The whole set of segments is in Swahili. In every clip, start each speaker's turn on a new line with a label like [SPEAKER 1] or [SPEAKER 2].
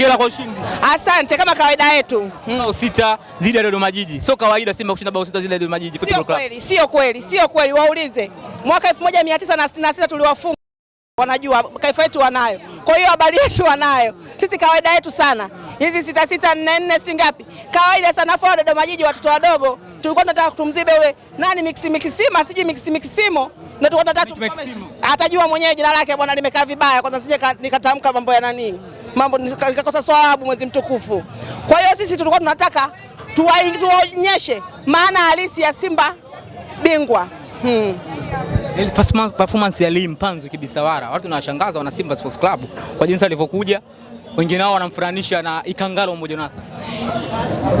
[SPEAKER 1] Hongera kwa ushindi. Asante kama kawaida yetu.
[SPEAKER 2] Bao hmm, sita zidi ya Dodoma Jiji. Sio kawaida Simba kushinda bao sita zidi ya Dodoma Jiji.
[SPEAKER 3] Sio kweli, sio kweli, sio kweli. Waulize mwaka 1966 tuliwafunga wanajua kaifa yetu wanayo, kwa hiyo habari yetu wanayo. Sisi kawaida yetu sana hizi sita sita nne nne si ngapi, kawaida sana fao Dodoma Jiji. Watoto wadogo tulikuwa tunataka kutumzibe wewe. nani mikisimikisima siji mikisimikisimo na tuko atajua mwenyewe jina lake bwana, limekaa vibaya. Kwanza sije nikatamka mambo ya nani, mambo nikakosa swabu mwezi mtukufu. Kwa hiyo sisi tulikuwa tunataka tuwaonyeshe maana halisi ya Simba bingwa hmm.
[SPEAKER 2] Performance ya Lee Mpanzu kibisawara, watu nawashangaza wana Simba Sports Club kwa jinsi alivyokuja, wengine wao wanamfurahisha na Ikangalo mmoja nasa.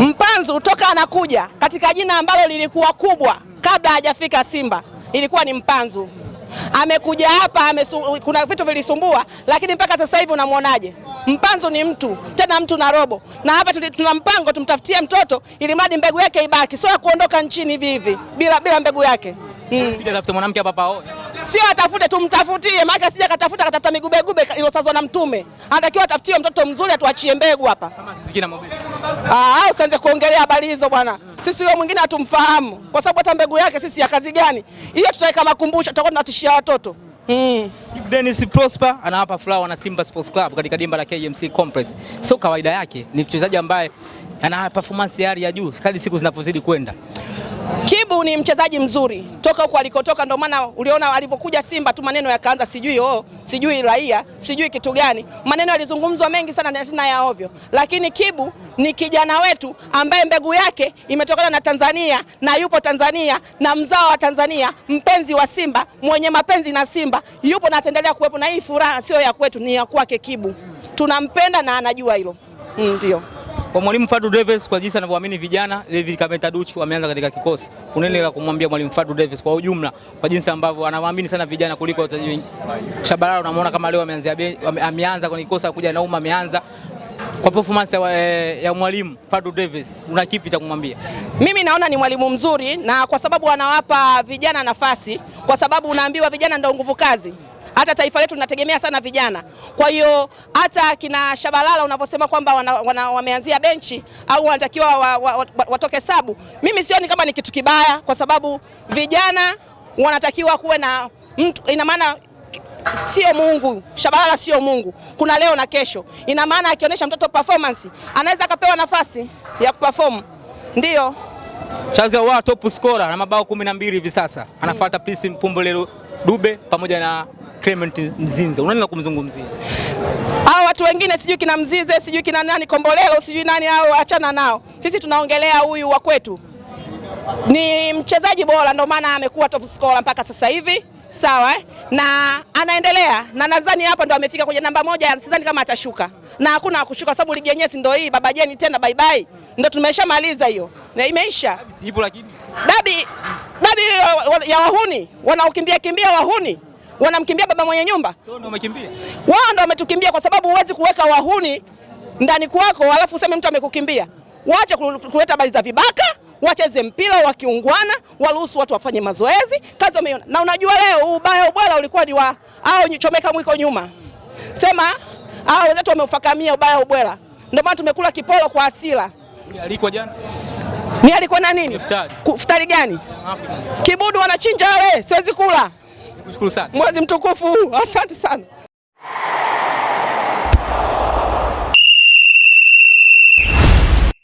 [SPEAKER 3] Mpanzu toka anakuja katika jina ambalo lilikuwa kubwa kabla hajafika Simba ilikuwa ni mpanzu. Amekuja hapa amesu, kuna vitu vilisumbua, lakini mpaka sasa hivi unamwonaje? Mpanzu ni mtu tena mtu na robo, na hapa tuna mpango tumtafutie mtoto ili mradi mbegu yake ibaki, sio ya kuondoka nchini hivi hivi bila, bila mbegu yake
[SPEAKER 2] mm. mwanamke hapa
[SPEAKER 3] sio atafute, tumtafutie, maana asija katafuta katafuta migubegube ilotazwa na Mtume. Anatakiwa atafutie mtoto mzuri, atuachie mbegu hapa. Ah, usianze kuongelea habari hizo bwana. Sisi yule mwingine hatumfahamu kwa sababu hata mbegu yake sisi ya kazi gani hiyo? Tutaweka makumbusho, tutakuwa tunatishia watoto. Hmm.
[SPEAKER 2] Dennis Prosper anawapa furaha wana Simba Sports Club katika dimba la KMC Complex. Sio kawaida yake, ni mchezaji ambaye ana performance ya hali ya juu kadri siku zinavyozidi kwenda.
[SPEAKER 3] Kibu ni mchezaji mzuri toka huko alikotoka, ndio maana uliona alivyokuja Simba tu maneno yakaanza, sijui oo, oh, sijui raia, sijui kitu gani, maneno yalizungumzwa mengi sana tena ya ovyo, lakini Kibu ni kijana wetu ambaye mbegu yake imetokana na Tanzania na yupo Tanzania na mzao wa Tanzania, mpenzi wa Simba, mwenye mapenzi na Simba yupo na ataendelea kuwepo, na hii furaha sio ya kwetu, ni ya kwake Kibu. Tunampenda na anajua hilo, mm, ndio.
[SPEAKER 2] Kwa mwalimu Fadu Davis, kwa jinsi anavyoamini vijana, Levi Kameta Duchu ameanza katika kikosi. Kuna nini la kumwambia mwalimu Fadu Davis kwa ujumla kwa jinsi ambavyo anawaamini sana vijana kuliko wachezaji wengi. Shabalala unamwona kama leo ameanza ameanza kwenye kikosi kuja na umma ameanza kwa performance ya, eh, ya mwalimu Fadu Davis, una kipi cha kumwambia?
[SPEAKER 3] Mimi naona ni mwalimu mzuri na kwa sababu anawapa vijana nafasi, kwa sababu unaambiwa vijana ndio nguvu kazi hata taifa letu linategemea sana vijana. Kwa hiyo hata kina Shabalala unavyosema kwamba wameanzia benchi au wanatakiwa wa, wa, wa, watoke sabu, mimi sioni kama ni kitu kibaya, kwa sababu vijana wanatakiwa kuwe na mtu, ina maana sio Mungu, Shabalala sio Mungu, kuna leo na kesho. Ina maana akionyesha mtoto performance anaweza akapewa nafasi ya kuperform. Ndiyo
[SPEAKER 2] Chaza wa top scorer na mabao 12 hivi sasa, anafuata PC Mpumbulelo Dube pamoja na Clement Mzinze, unanena kumzungumzia
[SPEAKER 3] hao watu wengine, sijui kina Mzize, sijui kina nani Kombolelo, sijui nani hao, achana nao. Sisi tunaongelea huyu wa kwetu, ni mchezaji bora, ndio maana amekuwa top scorer mpaka sasa hivi, sawa eh? na anaendelea na nadhani hapa ndo amefika kwenye namba moja, sidhani kama atashuka na hakuna akushuka, sababu ligi yenyewe ndio hii baba jeni tena, bye bye, ndio tumeshamaliza hiyo, na imeisha dabi dabi ya wahuni wanaokimbia kimbia wahuni wanamkimbia baba mwenye nyumba, wao ndio wametukimbia, kwa sababu huwezi kuweka wahuni ndani kwako alafu useme mtu amekukimbia. Waache kuleta habari za vibaka, wacheze mpira wa kiungwana, waruhusu watu wafanye mazoezi. Kazi wameiona, na unajua leo ubaya ubora ulikuwa ni wa au chomeka mwiko nyuma, sema hao wenzetu wameufakamia ubaya ubwela, ndio maana tumekula kipolo kwa asila. Alikuwa jana ni alikuwa na nini futari gani kibudu wanachinja, wale, siwezi kula Nikushukuru sana mwezi mtukufu, asante sana.